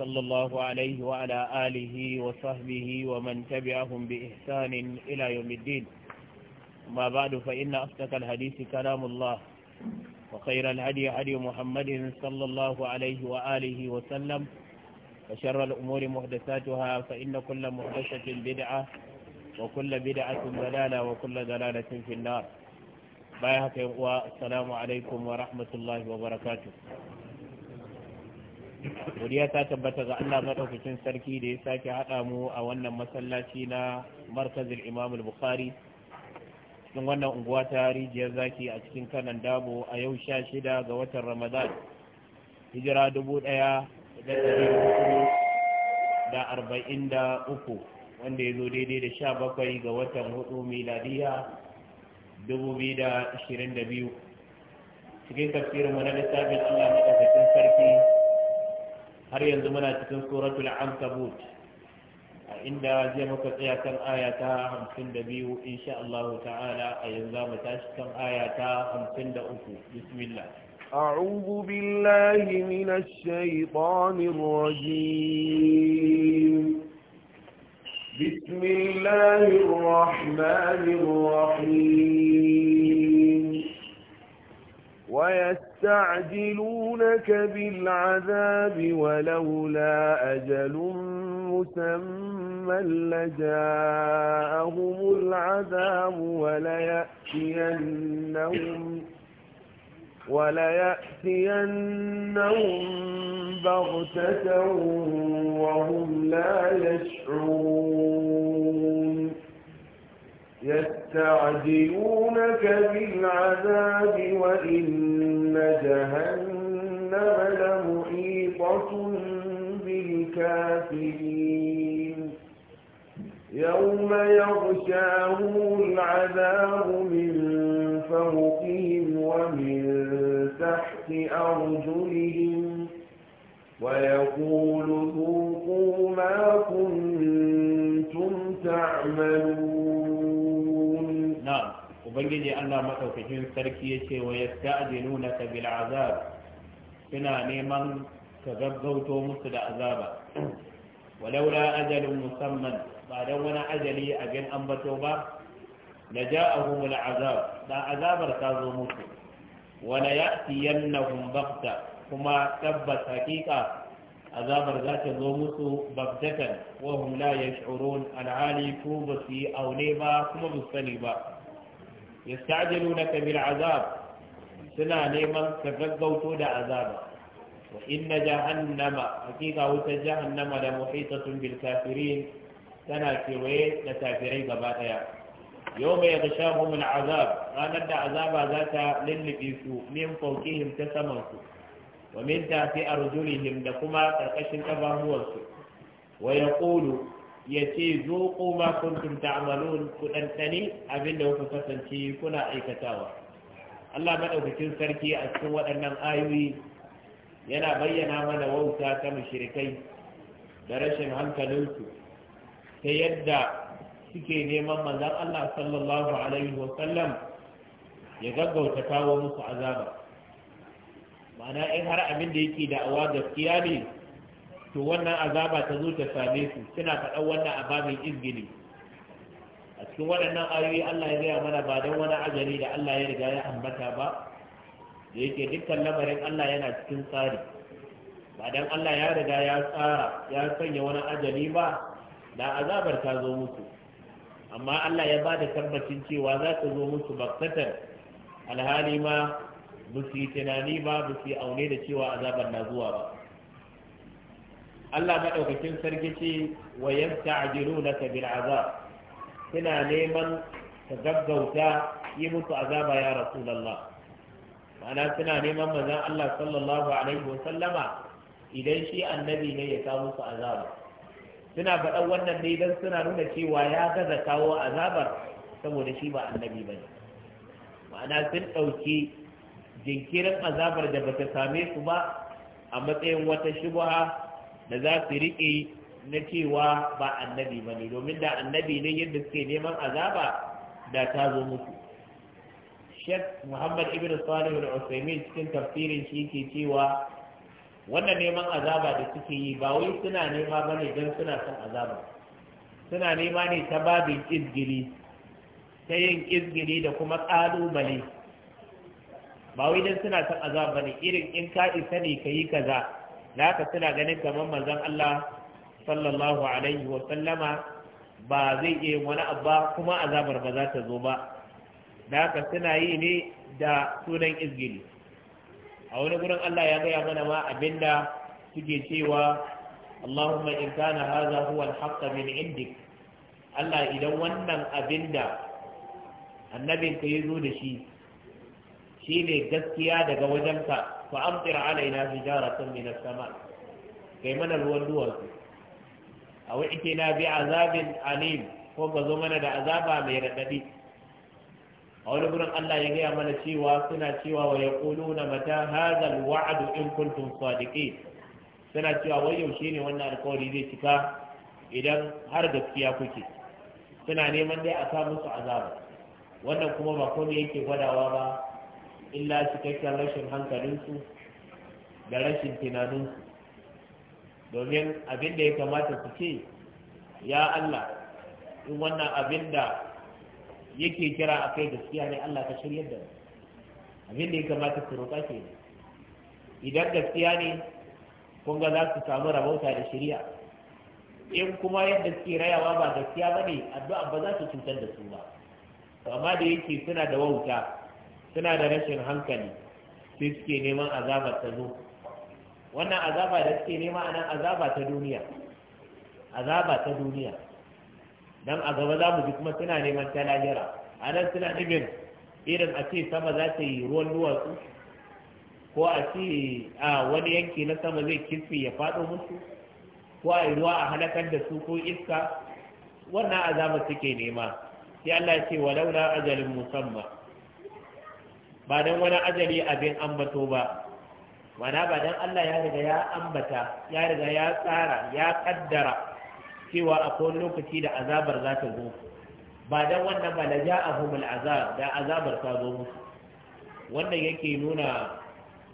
صلى الله عليه وعلى آله وصحبه ومن تبعهم بإحسان إلى يوم الدين ما بعد فإن أصدق الحديث كلام الله وخير الهدي هدي محمد صلى الله عليه وآله وسلم وشر الأمور محدثاتها فإن كل محدثة بدعة وكل بدعة ضلالة وكل ضلالة في النار بايهك والسلام عليكم ورحمة الله وبركاته godiya ta tabbata ga Allah madaukakin sarki da ya sake haɗa mu a wannan masallaci na markazin Imam Bukhari cikin wannan unguwa ta rijiyar zaki a cikin kanan dabo a yau sha shida ga watan Ramadan hijira dubu ɗaya da ɗari da arba'in da uku wanda ya zo daidai da sha bakwai ga watan hudu miladiya dubu biyu da ashirin da biyu cikin tafsirinmu na littafin Allah madaukakin sarki har yanzu muna cikin suratul ankabut inda zai muka tsaya kan aya ta hamsin da biyu insha Allah ta'ala a yanzu za mu tashi kan aya ta hamsin da uku bismillah أعوذ بالله من الشيطان الرجيم بسم الله الرحمن الرحيم ويس يستعجلونك بالعذاب ولولا أجل مسمى لجاءهم العذاب وليأتينهم وليأتينهم بغتة وهم لا يشعرون يستعجلونك بالعذاب وإن جهنم لمحيطة بالكافرين يوم يغشاهم العذاب من فوقهم ومن تحت أرجلهم ويقول ذوقوا ما كنتم تعملون ubangiji Allah madaukakin sarki ce wa yasta'jiluna ka bil azab suna neman ka gaggauto musu da azaba walaula ajalin musamman ba da wani ajali a gan ambato ba ja a al azab da azabar ta zo musu wala ya'tiyannahum baghta kuma tabbas hakika azabar za ta zo musu baghtatan wa hum la yash'urun alhali ko ba su yi aune ba kuma ba sani ba yastajilunaka bil azab suna neman ka gaggauto da azaba wa inna jahannama hakika wutar jahannama da muhitatun bil kafirin tana kewaye da kafirai gaba ɗaya. yau mai yadda mun azab ranar da azaba za ta lullube su min faukihim ta samansu wa min tafi arjulihim da kuma karkashin kafafuwarsu wa yaqulu ya ce zo koma kuntum ta'malun ku ɗanɗane abinda kuka kasance kuna aikatawa Allah maɗaukacin sarki a cikin waɗannan ayoyi yana bayyana mana wauta ta mushrikai da rashin hankalinsu ta yadda suke neman manzon Allah sallallahu alaihi wa sallam ya gaggauta kawo musu azaba ma'ana in har abin da yake da'awa gaskiya ne to wannan azaba ta zo ta same su suna faɗan wannan a babin izgili a cikin waɗannan ayoyi Allah ya gaya mana ba don wani ajali da Allah ya riga ya ambata ba da yake dukkan lamarin Allah yana cikin tsari ba don Allah ya riga ya tsara ya sanya wani ajali ba da azabar ta zo musu amma Allah ya ba da tabbacin cewa za ta zo musu baktatar alhali ma ba su yi tunani ba ba su yi aune da cewa azabar na zuwa ba Allah maɗaukakin sarki ce wa na bil azab suna neman ka gaggauta yi musu azaba ya rasulullah ma'ana suna neman manzon Allah sallallahu alaihi wa sallama idan shi annabi ne ya kawo musu azaba suna faɗan wannan ne idan suna nuna cewa ya gaza kawo azabar saboda shi ba annabi ba ne ma'ana sun ɗauki jinkirin azabar da bata same su ba a matsayin wata shubuha da za su riƙe na cewa ba annabi ba ne domin da annabi ne yadda suke neman azaba da ta zo mutu shek muhammad ibn salih da usaimin cikin tafsirin shi ke cewa wannan neman azaba da suke yi ba wai suna nema ba ne don suna son azaba suna nema ne ta babin izgiri ta yin izgiri da kuma ƙalubale ba wai don suna son azaba ne irin in ka isa ne ka yi kaza da haka suna ganin kamar manzon Allah sallallahu alaihi wa sallama ba zai iya wani abba kuma azabar ba za ta zo ba da haka suna yi ne da sunan izgili a wani gurin Allah ya gaya mana ma abinda suke cewa Allahumma in kana hadha huwa al min indik Allah idan wannan abinda annabin ka zo da shi Shi ne gaskiya daga wajenka fa amtir alaina hijaratan min as-sama kai mana ruwan duwatsu a ke na bi azabin alim ko ga zo mana da azaba mai radadi a wani gurin Allah ya gaya mana cewa suna cewa wa yaquluna mata hadha al-wa'd in kuntum sadiqin suna cewa wai yaushe ne wannan alƙawari zai cika idan har gaskiya kuke suna neman dai a sa musu azaba wannan kuma ba komai yake gwadawa ba illa cikakken rashin hankalinsu da rashin tunaninsu domin abin da ya kamata su ce ya Allah in wannan abin da yake kira a kai gaskiya ne Allah ka shirya da abin da ya kamata su roƙa ke ne idan gaskiya ne kun ga za su samu rabauta da shirya in kuma yadda suke rayawa ba gaskiya ba ne addu'a ba za su cutar da su ba amma da yake suna da wauta suna da rashin hankali sai suke neman azabar ta zo wannan azaba da suke nema anan azaba ta duniya azaba ta duniya dan a gaba za mu ji kuma suna neman ta lahira anan suna nufin irin a ce sama za ta yi ruwan duwatsu ko a ce a wani yanki na sama zai kifi ya faɗo musu ko a yi ruwa a halakar da su ko iska wannan azaba suke nema sai Allah ya ce na ajalin musamman ba don wani ajali abin ambato ba mana ba don Allah ya riga ya ambata ya riga ya tsara ya kaddara cewa akwai lokaci da azabar za ta zo ba don wannan ba da ja'ahumul azab da azabar ta zo musu wannan yake nuna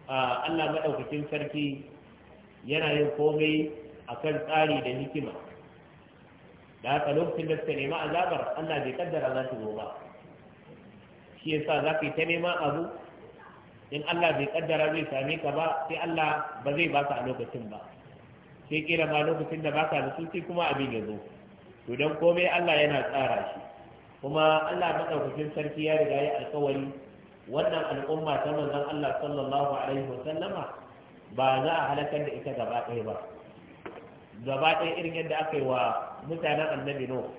Allah maɗaukacin sarki yana yin komai akan tsari da hikima da haka lokacin da suka nemi azabar Allah bai kaddara za ta zo ba shi yasa za ka yi ta neman abu in Allah bai kaddara zai same ka ba sai Allah ba zai baka a lokacin ba sai kira ma lokacin da baka da su sai kuma abin ya zo to dan komai Allah yana tsara shi kuma Allah madaukakin sarki ya riga ya alkawari wannan al'umma ta manzon Allah sallallahu alaihi wasallama ba za a halakar da ita gaba ɗaya ba gaba ɗaya irin yadda aka yi wa mutanen annabi no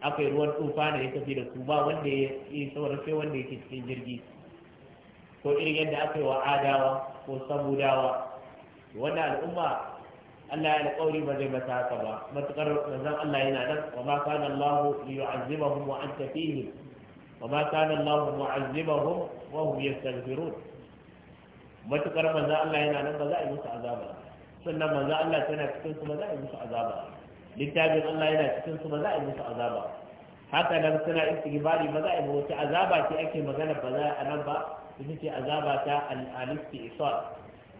Akwai ruwan tufa da ya tafi da su ba wanda ya yi sauran sai wanda yake cikin jirgi ko irin yadda aka yi wa adawa ko samudawa wannan al'umma Allah ya alƙawari ba zai mata haka ba matukar manzon Allah yana nan wa ma kana Allah yu'azzibahum wa anta fihim wa ma kana Allah mu'azzibahum wa hum yastaghfirun matukar manzon Allah yana nan ba za a yi musu azaba sannan manzon Allah tana cikin su ba za a yi musu azaba littafin Allah yana cikin su ba za a yi musu azaba haka nan suna istighfari ba za a yi wata azaba ce ake magana ba za a nan ba ita ce azaba ta al-alisti ta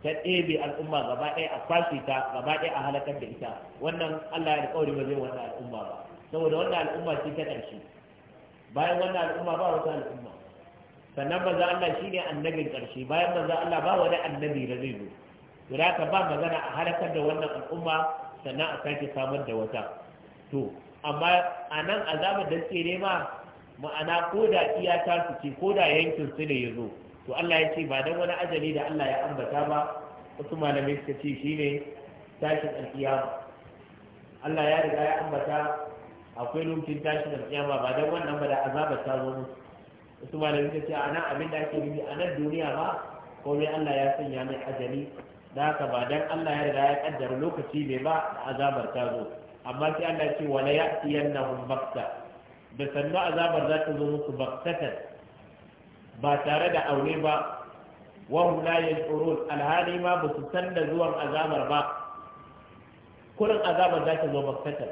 ɗebe al'umma gaba ɗaya a kwashe ta gaba ɗaya a halakar da ita wannan Allah ya alƙawari ba zai wannan al'umma ba saboda wannan al'umma ce ta ƙarshe bayan wannan al'umma ba wata al'umma sannan maza Allah shi ne annabin ƙarshe bayan maza Allah ba wani annabi da zai zo to ka ba magana a halakar da wannan al'umma sannan a sake samar da wata to amma a nan azabar da suke nema ma'ana ko da iya ta su ce ko da yankin su ne ya zo to Allah ya ce ba dan wani ajali da Allah ya ambata ba wasu malamai suka ce shi ne tashin alkiyama Allah ya riga ya ambata akwai lokacin tashin alkiyama ba dan wannan ba da azabar ta zo musu wasu malamai suka ce a nan abin da ake nufi a nan duniya ba komai Allah ya sanya mai ajali da haka ba dan Allah ya riga ya kaddara lokaci ne ba da azabar ta zo amma sai Allah ya ce wala ya'tiyannahum bakta da sannu azabar za ta zo musu baktatan ba tare da aure ba wa hum la yashurun alhali ma ba su san da zuwan azabar ba kurin azabar za ta zo baktatan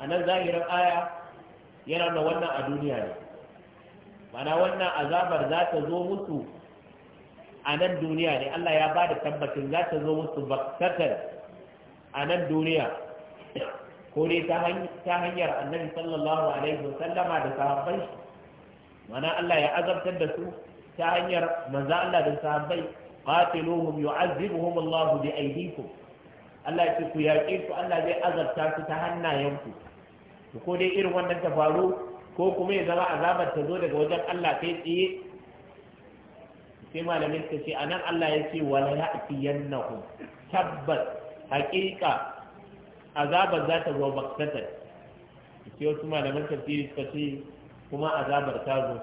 a nan zahirin aya yana da wannan a duniya ne mana wannan azabar za ta zo musu a nan duniya ne Allah ya ba da tabbacin za ta zo musu bakkatar a nan duniya ko dai ta hanyar annabi sallallahu alaihi wasallama da sahabbai mana Allah ya azabtar da su ta hanyar manzo Allah da sahabbai qatiluhum yu'azzibuhum Allah bi aydikum Allah ya ce ku yaƙe su Allah zai azabta su ta hannayenku ko dai irin wannan ta faru ko kuma ya zama azabar ta zo daga wajen Allah kai tsaye sai malamin ta ce anan Allah ya ce wala ya'tiyannahu tabbas haƙiƙa azabar za ta zo baksatar sai wasu malaman tafsiri suka ce kuma azabar ta zo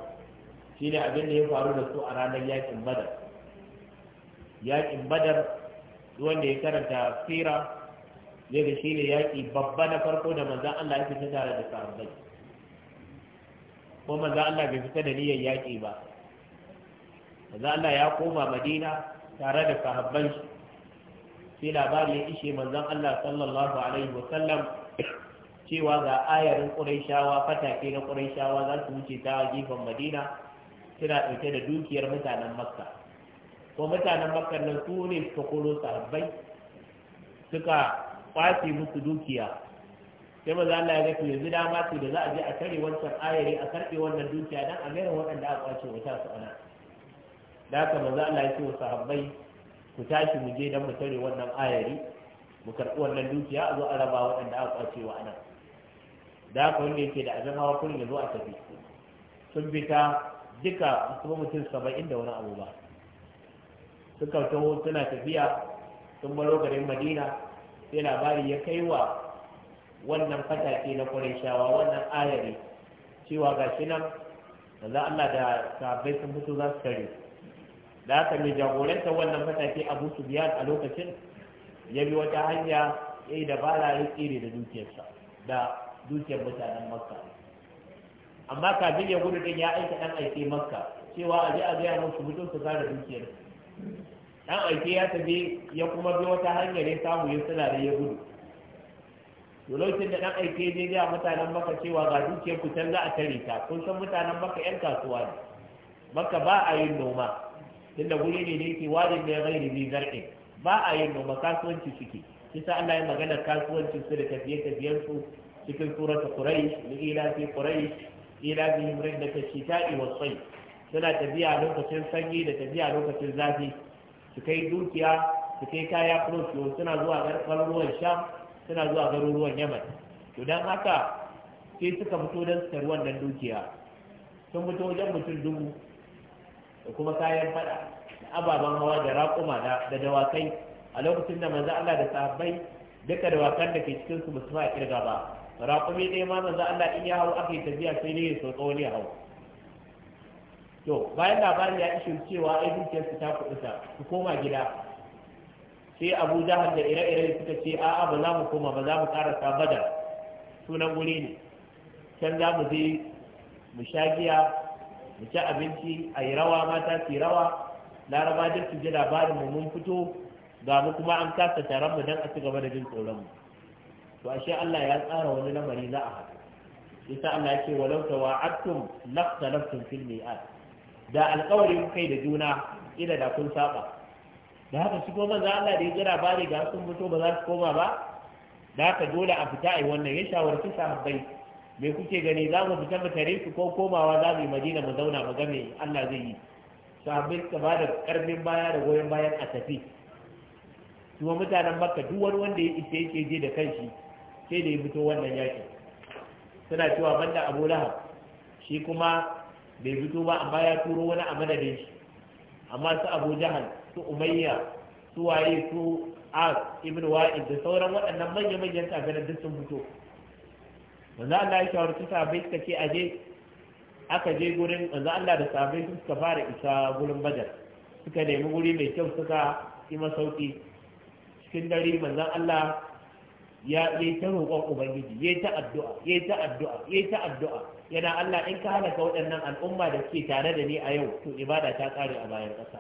ne abin da ya faru da su a ranar yakin badar yakin badar wanda ya karanta fira zai ga shi ne yaƙi babba na farko da manzan Allah ya fita tare da sahabbai ko manzan Allah bai fita da niyyar yaƙi ba yanzu Allah ya koma Madina tare da sahabban shi sai labari ya ishe manzon Allah sallallahu alaihi wa sallam cewa ga ayarin Qurayshawa fatake na Qurayshawa za su wuce ta gefen Madina suna ɗauke da dukiyar mutanen Makka ko mutanen Makka nan su ne suka koro sahabbai suka kwace musu dukiya sai maza Allah ya gafi yanzu dama su da za a je a tare wancan ayari a karɓe wannan dukiya dan a mayar waɗanda a kwace wata su ana da haka manzo Allah ya ce wa sahabbai ku tashi mu je dan mu tare wannan ayari mu karɓi wannan dukiya a zo a raba waɗanda aka kwace wa anan da haka wanda yake da abin hawa kullum ya zo a tafi sun fita duka kuma mutum saba'in da wani abu ba suka taho suna tafiya sun baro garin madina sai labari ya kai wa wannan fatake na shawa wannan ayari cewa gashi shi nan za Allah da sahabbai sun fito za su tare da aka mai jagoranta wannan fatake abu su biyar a lokacin ya bi wata hanya ya yi dabara ya tsere da dukiyarsa da dukiyar mutanen makka amma kafin ya gudu din ya aika dan aike makka cewa a je a gaya musu mutum su kare dukiyar dan aike ya tafi ya kuma bi wata hanyar ya samu ya suna da ya gudu to lokacin da dan aike ya je ga mutanen makka cewa ga dukiyar ku can za a tare ta kun san mutanen makka yan kasuwa ne makka ba a yin noma tunda guri ne da yake wajen da ya gairi zai zarge. ba a yin noma kasuwanci suke kisa Allah ya magana kasuwanci su da tafiye-tafiyen su cikin surata Quraysh da ila fi Quraysh ila bi himrin da tashita'i wa sai suna tafiya lokacin sanyi da tafiya lokacin zafi su kai dukiya su kai kaya cross suna zuwa garuruwan Sham suna zuwa garuruwan Yaman to dan haka sai suka fito don su wannan dukiya sun fito wajen mutum dubu da kuma kayan fada da ababen hawa da raƙuma da dawakai a lokacin da manzo Allah da sahabbai duka dawakan da ke cikin su musu ba kirga ba raƙumi ɗaya ma manzo Allah in ya hau aka yi tafiya sai ne so tsawon ya hau to bayan labarin ya ishe cewa ai dukiyar su ta kuɗuta su koma gida sai abu Jahal da ire-ire suka ce a'a ba za mu koma ba za mu karasa badar sunan wuri ne can za mu je mu sha giya mu ci abinci a yi rawa mata su rawa laraba duk su ji labarin mu mun fito ga mu kuma an kasa taron mu dan a ci gaba da jin tsoron mu to ashe Allah ya tsara wani lamari za a haɗu yasa Allah ya ce walau tawa'attum laftalaftum fil mi'ad da alƙawarin kai da juna ila da kun saba da haka shi kuma manzo Allah da ya jira bari ga sun mutu ba za su koma ba da haka dole a fita ai wannan ya shawarci sahabbai me kuke gani za mu fita mu tare ku ko komawa za mu yi madina mu zauna mu game, Allah zai yi sahabbai suka ba da karfin baya da goyon bayan a tafi kuma mutanen makka duk wani wanda ya isa yake je da kanshi sai da ya fito wannan yaki suna cewa banda abu lahab shi kuma bai fito ba amma ya turo wani a madadin shi amma su abu jahal su umayya su waye su as ibn wa'id da sauran waɗannan manya-manyan kafiran duk sun fito manzo Allah ya shawarci sahabbai suka ce aje aka je gurin manzo Allah da sahabbai suka fara isa gurin badar suka nemi guri mai kyau suka yi masauki cikin dare manzo Allah ya yi ta roƙon ubangiji ya ta addu'a ya ta addu'a ya ta addu'a yana Allah in ka halaka waɗannan al'umma da suke tare da ni a yau to ibada ta ƙare a bayan ƙasa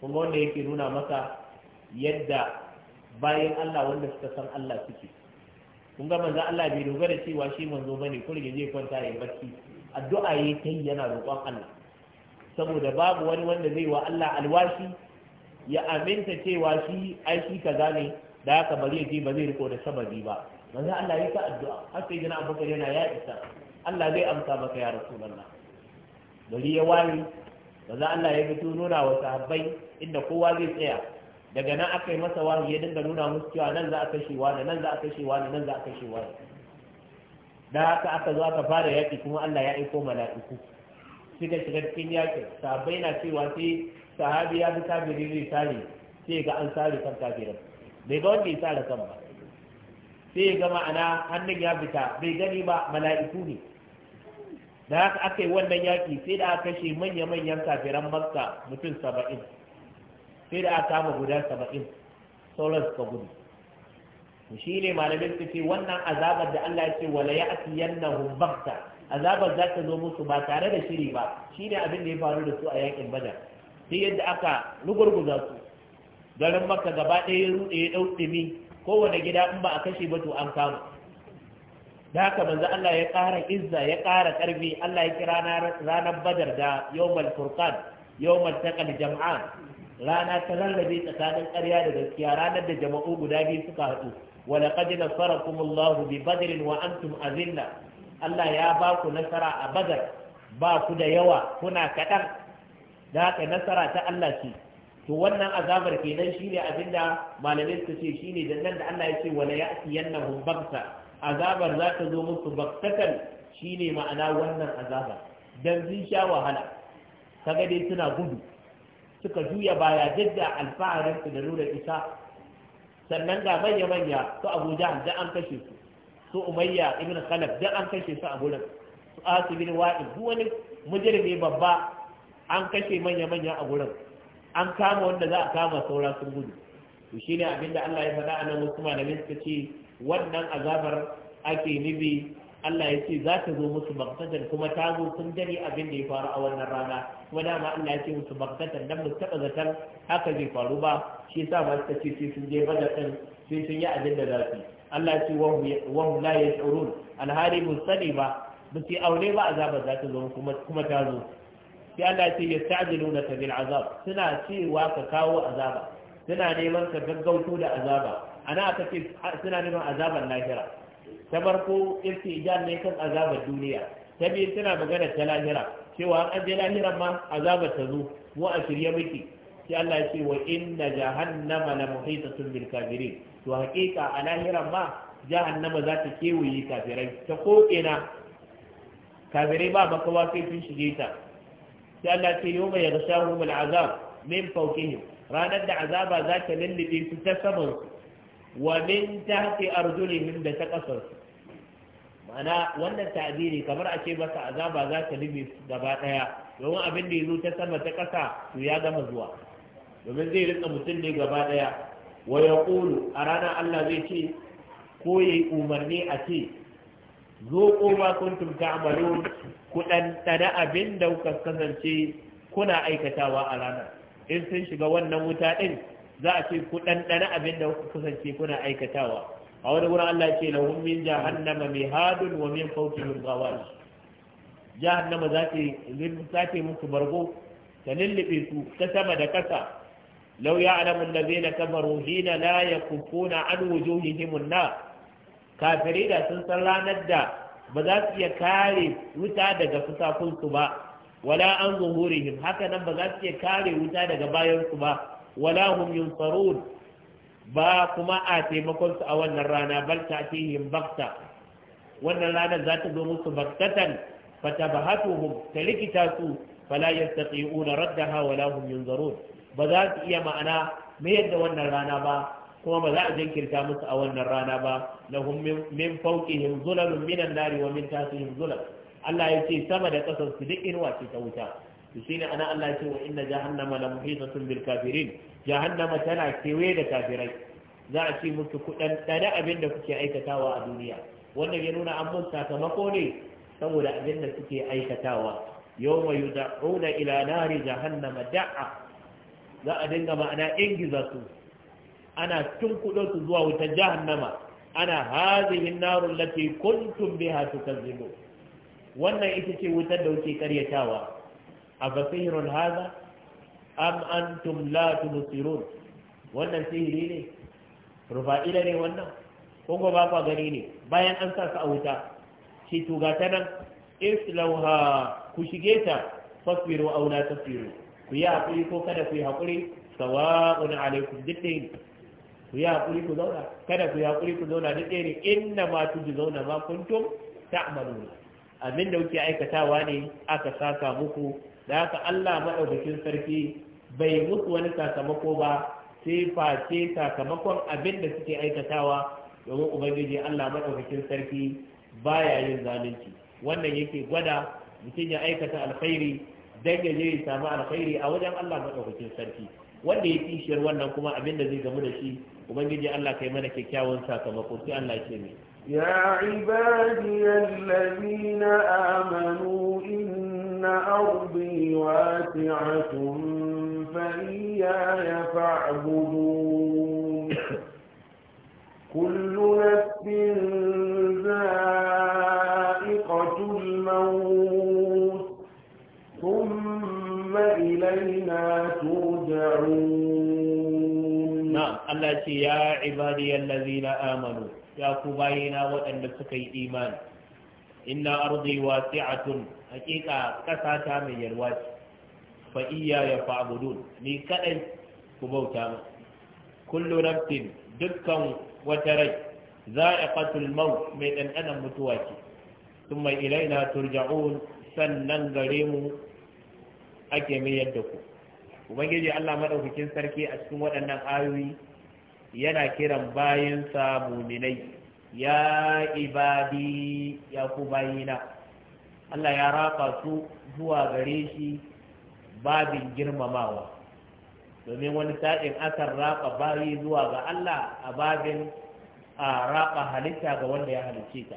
kuma wanda yake nuna maka yadda bayan Allah wanda suka san Allah suke kun ga manzo Allah bai dogara cewa shi manzo bane kurge zai kwanta ya barci. addu'a yayi kai yana roƙon Allah saboda babu wani wanda zai wa Allah alwashi ya aminta cewa shi ai shi kaza ne da haka bari ya je ba zai riko da sababi ba manzo Allah ya ta addu'a har sai jina Abubakar yana ya isa Allah zai amsa maka ya Rasulullah bari ya wani manzo Allah ya fito nuna wa sahabbai inda kowa zai tsaya daga nan aka yi masa wahayi ya dinga nuna musu cewa nan za a kashe wani nan za a kashe wani nan za a kashe wani da haka aka zo aka fara yaƙi kuma Allah ya aiko mala'iku suka shiga cikin yaƙi, sabai na cewa sai sahabi ya bi kafiri zai sare sai ga an sare kan kafirin bai ga wanda ya sare kan ba sai ya ga ma'ana hannun ya fita bai gani ba mala'iku ne da haka aka yi wannan yaƙi sai da aka kashe manya-manyan kafiran makka mutum saba'in sai da aka kama guda saba'in sauran suka gudu to shi ne malamin su ce wannan azabar da Allah ya ce wala ya ake yanna humbakta azabar za ta zo musu ba tare da shiri ba shi ne abin da ya faru da su a yakin badar sai yadda aka rugurguza su garin maka gaba ɗaya ya ruɗe ya ɗau ɗumi kowane gida in ba a kashe ba to an kama da haka manzo Allah ya ƙara izza ya ƙara karfi Allah ya kira ranar badar da yawmal furqan yawmal taqal jam'an rana ta lallabe tsakanin ƙarya da gaskiya ranar da jama'u guda biyu suka haɗu wa laqad nasarakumullahu bi badrin wa antum azilla Allah ya ba ku nasara a badar ba ku da yawa kuna kaɗan da haka nasara ta Allah ce to wannan azabar kenan shine abinda malamai suka ce shine da nan da Allah ya ce wala ya'tiyannahum bagsa azabar za ta zo musu baktakan shine ma'ana wannan azabar dan sun sha wahala kaga dai suna gudu suka juya baya jadda da alfaharin su da nuna isa sannan ga manya-manya su Abuja da an kashe su su umayya ibn khalaf da an kashe su a gurin su asu bin duk wani mujirmi babba an kashe manya-manya a gurin an kama wanda za a kama saura sun gudu to shine abinda Allah ya faɗa a nan musulman malamin ce wannan azabar ake nubi Allah ya ce za ta zo musu baktatar kuma ta zo sun dare abin da ya faru a wannan rana kuma dama Allah ya ce musu baktatar dan musu taɓa zatar haka zai faru ba shi sa ba suka ce sai sun je bada ɗin sai sun yi abin da za su Allah ya ce wahu la ya tsoron alhari mun sani ba ba su aure ba azaba za ta zo kuma ta zo sai Allah ya ce ya ta'jilu na ka bil azab suna cewa ka kawo azaba suna neman ka gaggauto da azaba ana aka ce suna neman azaban lahira ta farko ijan ne kan azabar duniya ta biyu tana magana ta lahira cewa an je lahira ma azabar ta zo mu a shirya miki sai Allah ya ce wa inna jahannama la muhitatun bil kafirin to hakika a lahira ma jahannama za ta kewaye kafirai ta ko ina kafirai ba makawa kai sun shige ta sai Allah ce yau mai yarshahu mul azab min fawqihim ranar da azaba za ta lullube su ta saman su wa min tahti arjulihim da ta kasarsu ma'ana wannan ta'abiri kamar a ce masa azaba za ta limi gaba daya domin abin da yazo ta sama ta kasa to ya gama zuwa domin zai rika mutum ne gaba daya wa yaqulu a ranar Allah zai ce ko yayi umarni a ce zo ko ba kuntum ta'malun ku dan tada abin da kuka kasance kuna aikatawa a ranar in sun shiga wannan wuta din za a ce ku ɗanɗana abin da kuka kusance kuna aikatawa a wani wurin Allah ce lahum min jahannama mihadun wa min fawqihim ghawal jahannama za ta za ta muku bargo ta lullube su ta sama da kasa law ya'lamu allazina kafaru hina la yakufuna an wujuhihim an-nar kafirai da sun san ranar da ba za su iya kare wuta daga fusakunsu ba wala an zuhurihim haka nan ba za su iya kare wuta daga bayansu ba wala hum yunsarun ba kuma a taimakon su a wannan rana bal ta ta'tihim bakta wannan ranar za ta zo musu baktatan fatabahatuhum ta likita su fala yastati'una raddaha wala hum yunzarun ba za su iya ma'ana mayar yadda wannan rana ba kuma ba za a jinkirta musu a wannan rana ba lahum min fawqihim zulalun minan nari wa min tahtihim zulal Allah ya ce sama da ƙasar su duk inuwa ce ta wuta to shine ana Allah ce wa inna jahannama la muhitatun bil kafirin jahannama tana kewaye da kafirai za a ci muku kudan dada abin da kuke aikatawa a duniya wannan ya nuna an mun sakamako ne saboda abin da suke aikatawa yawma yud'una ila nari jahannama da'a za a dinga ma'ana ingiza su ana tunkuɗo su zuwa wutar jahannama ana hazihin narun lati kuntum biha tukazzibu wannan ita ce wutar da kuke karyatawa abasirun haza am antum la tubsirun wannan sihiri ne rufa'ila ne wannan ko ko ba kwa gani ne bayan an sa su a wuta shi tuga ta nan islauha ku shige ta fasbiru aw la tasbiru ku yi hakuri ko kada ku yi hakuri sawa'un alaikum dukkan ku yi haƙuri ku zauna kada ku yi haƙuri ku zauna duk ɗaya ne inna ma tuju zauna ma kuntum ta'maluna abin da kuke aikatawa ne aka saka muku da haka Allah maɗaukakin sarki bai musu wani sakamako ba sai face sakamakon abin da suke aikatawa domin ubangiji Allah maɗaukakin sarki baya yin zalunci wannan yake gwada mutum ya aikata alkhairi dan ya je ya samu alkhairi a wajen Allah maɗaukakin sarki wanda ya kishiyar wannan kuma abin da zai gamu da shi ubangiji Allah kai mana kyakkyawan sakamako sai Allah ya ce ne ya ibadiyal ladina إن أرضي واسعة فإياي فاعبدون كل نفس ذائقة الموت ثم إلينا ترجعون نعم التي يا عبادي الذين آمنوا يا كباينا وأن سكي إيمان inna ardi wasi'atun hakika ƙasa ta mai yalwa ce fa iya ya fa'budun ni kadai ku bauta mu kullu nafsin dukkan wata rai za'iqatul maut mai dandanan mutuwa ce thumma ilaina turja'un sannan gare mu ake mai yadda ku ubangiji Allah madaukakin sarki a cikin waɗannan ayoyi yana kiran bayansa muminai ya ibadi ya ku bayina Allah ya raba su zuwa gare shi babin girmamawa domin wani sa'in akan raba bayi zuwa ga Allah a babin a raba halitta ga wanda ya halicce ta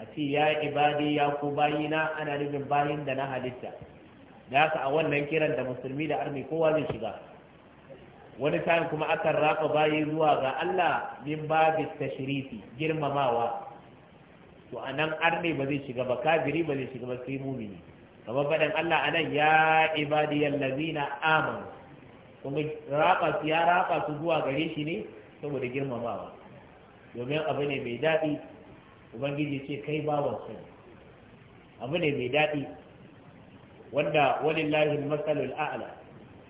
a ce ya ibadi ya ku bayina ana nufin bayin da na halitta da haka a wannan kiran da musulmi da armi kowa zai shiga wani sa'in kuma akan rafa bayi zuwa ga Allah min babu tashrifi girmamawa to anan arne ba zai shiga ba kafiri ba zai shiga ba sai mumini kamar faɗin Allah anan ya ibadiyal ladina amanu kuma rafa ya rafa su zuwa gare shi ne saboda girmamawa domin abu ne mai daɗi ubangiji ce kai bawan sani abu ne mai daɗi wanda walillahi masalul a'la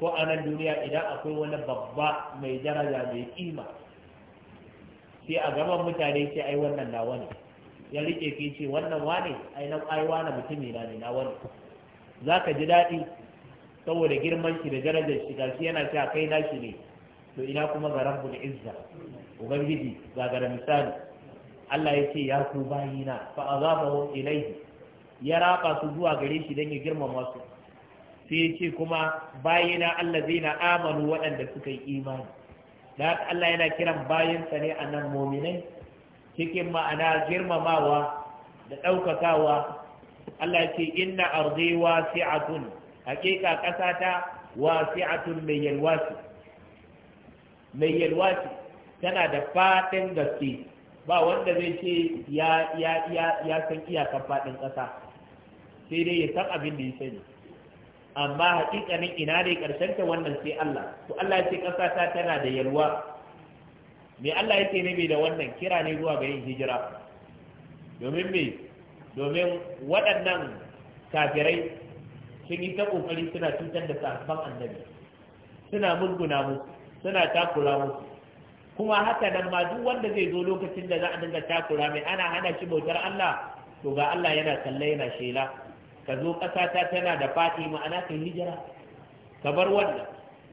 ko a nan duniya idan akwai wani babba mai daraja mai kima sai a gaban mutane ce ai wannan na wani. ya rike ki ce wannan wane ai na ai wane mutumi na ne nawa zaka ji daɗi saboda girman shi da darajar shi shi yana cewa kai nashi ne to ina kuma ga rabbul izza ubangiji ga ga misali Allah ya ce ya ku bayina fa azabahu ilayhi ya raka su zuwa gare shi dan ya girmama su sai ya ce kuma bayina Allah zai na amanu waɗanda suka yi imani da haka Allah yana kiran bayinsa ne a nan mominai cikin ma'ana girmamawa da ɗaukakawa Allah ce inna arzi wasi'atun hakika ƙasa ta wasi'atun mai yalwaci mai yalwaci tana da faɗin gaske ba wanda zai ce ya san iyakan faɗin ƙasa sai dai ya san abin da ya sani amma ne, ina dai karshen ta wannan sai Allah to Allah ya ce kasa ta tana da yalwa me Allah yake nufi da wannan kira ne zuwa ga yin hijira domin me domin waɗannan kafirai sun yi ta kokari suna cutar da sahabban annabi suna murguna musu suna takura mu kuma haka nan ma duk wanda zai zo lokacin da za a dinga takura mai ana hana shi bautar Allah to ga Allah yana kalle yana shela ka zo ƙasata tana da faɗi ma'ana ka yi hijira ka bar wannan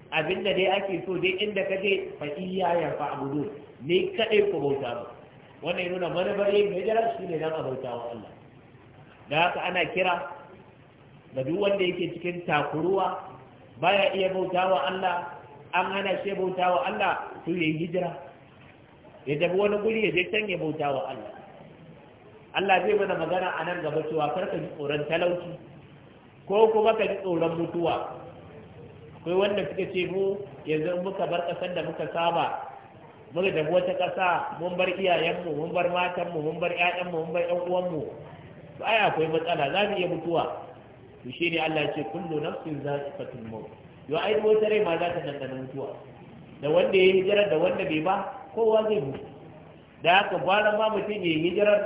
abin da dai ake so dai inda ka je fa iya ya fa ne kaɗai ku bauta ba wannan ya nuna manufar yin hijira shi ne don a bauta wa Allah da haka ana kira ga duk wanda yake cikin takuruwa baya iya bauta wa Allah an hana shi bauta wa Allah to yi hijira ya tafi wani guri ya je can ya bauta wa Allah Allah zai mana magana a nan gaba cewa kar ka ji tsoron talauci ko kuma ka ji tsoron mutuwa akwai wanda suka ce mu yanzu muka bar ƙasar da muka saba muka tafi wata ƙasa mun bar iyayenmu mun bar matanmu mun bar ƴaƴanmu mun bar ƴan uwanmu ai akwai matsala za mu iya mutuwa to ne Allah ya ce kullu nafsin za'iqatul maut yo ai wata rai ma za ta dandana mutuwa da wanda ya hijira da wanda bai ba kowa zai mutu da haka gwara ma mutum ya hijirar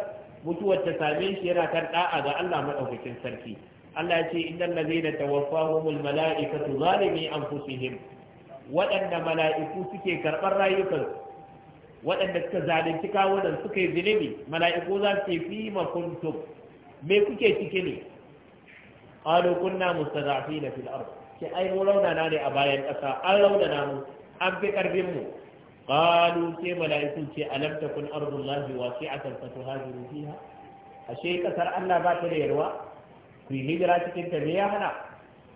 mutuwar ta same shi yana kan ga Allah maɗaukakin sarki Allah ya ce innal ladina tawaffahumul mala'ikatu zalimi anfusihim waɗanda mala'iku suke karɓar rayukan waɗanda suka zalunci kawunan suka yi zunubi mala'iku za su fi makuntum me kuke ciki ne qalu kunna mustada'fina fil ard ke ai mu raunana ne a bayan ƙasa an raunana mu an fi ƙarfin mu qalu sai mala'ikun ce alam takun ardullahi wasi'atan fatuhajiru fiha ashe kasar Allah ba ta da yarwa ku yi hijira cikin me ya hana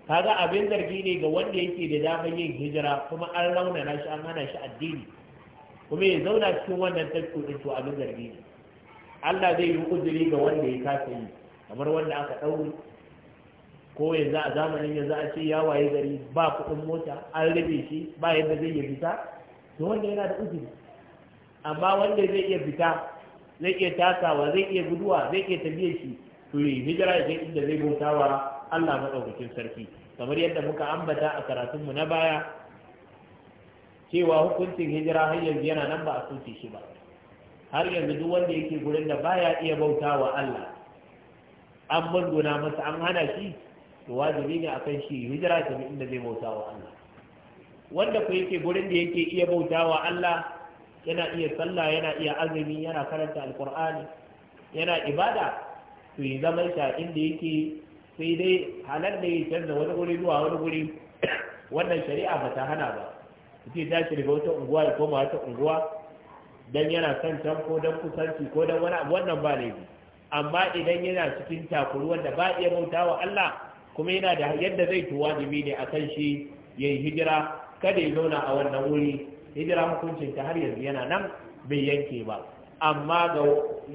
kaga abin zargi ne ga wanda yake da damar yin hijira kuma an raunana shi an hana shi addini kuma ya zauna cikin wannan tasko din to abin zargi ne Allah zai yi uzuri ga wanda ya kasa yi kamar wanda aka ɗaure ko yanzu a zamanin yanzu a ce ya waye gari ba kuɗin mota an rabe shi ba yadda zai yi fita to wanda yana da uzuri amma wanda zai iya fita zai iya tasawa zai iya guduwa zai iya tafiyar shi to yi hijira ya inda zai bautawa Allah madaukakin sarki kamar yadda muka ambata a karatunmu na baya cewa hukuncin hijira har yanzu yana nan ba a soke shi ba har yanzu duk wanda yake gurin da baya iya bautawa Allah an manguna masa an hana shi to wajibi ne akan shi hijira ta inda zai bautawa Allah wanda ku yake gurin da yake iya bautawa Allah yana iya sallah yana iya azumi yana karanta alkur'ani yana ibada to yi zaman sha inda yake sai dai halar da ya canza wani guri zuwa wani guri wannan shari'a ba ta hana ba ce ta shi daga wata unguwa ya koma wata unguwa dan yana san can ko dan kusanci ko dan wani wannan ba laifi amma idan yana cikin takuru wanda ba iya bautawa Allah kuma yana da yadda zai tuwa ne akan shi yayi hijira kada ya zauna a wannan wuri hijira hukuncin ta har yanzu yana nan bai yanke ba amma ga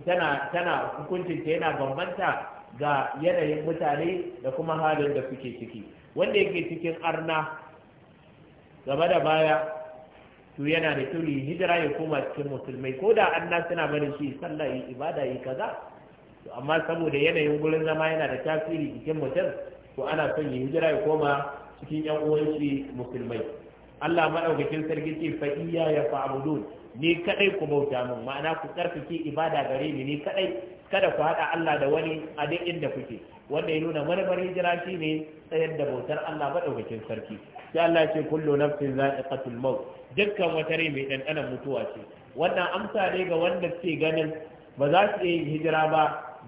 tana tana hukuncin ta yana bambanta ga yanayin mutane da kuma halin da suke ciki wanda yake cikin arna gaba da baya to yana da turi hijira ya koma cikin musulmai ko da anna suna bari shi sallah yi ibada yi kaza to amma saboda yanayin gurin zama yana da tasiri cikin mutum to ana son ya hijira ya koma cikin yan uwan musulmai Allah maɗaukakin sarki ce fa iya ya fa'budun ni kadai ku bauta min ma'ana ku karfafe ibada gare ni ni kadai kada ku hada Allah da wani a duk inda kuke wanda ya nuna marmar hijira ne tsayar da bautar Allah maɗaukakin sarki sai Allah ce kullu nafsin za'iqatul maut dukkan wata rai mai ɗanɗanan mutuwa ce wannan amsa ne ga wanda suke ganin ba za su yi hijira ba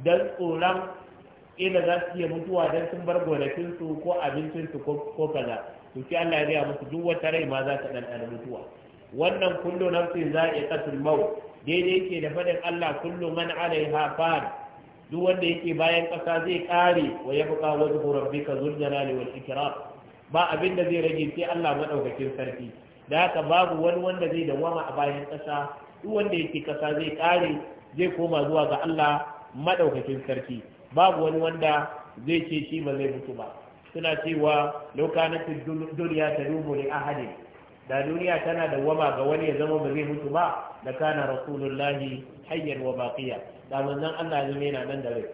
dan tsoron ila za su iya mutuwa dan sun bar gonakinsu ko abincinsu ko kaza to sai Allah ya gaya musu duk wata rai ma za ta ɗanɗana mutuwa wannan kullu nafsin za'iqatul maut daidai yake da faɗin Allah kullu man alaiha fan duk wanda yake bayan ƙasa zai ƙare wa ya yabqa wasu rabbika ka jalali wal ikram ba abin da zai rage sai Allah maɗaukakin sarki da haka babu wani wanda zai dawama a bayan ƙasa duk wanda yake ƙasa zai ƙare zai koma zuwa ga Allah maɗaukakin sarki babu wani wanda zai ce shi ba zai mutu ba suna cewa lokacin duniya ta rubu ne ahadin da duniya tana da wama ga wani ya zama ba zai mutu ba da kana rasulullahi hayyan wa baqiya da wannan Allah ya zama yana nan da rai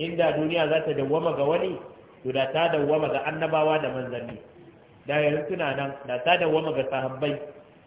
inda duniya za ta dawwama ga wani to da ta dawwama ga annabawa da manzanni da yanzu suna nan da ta dawwama ga sahabbai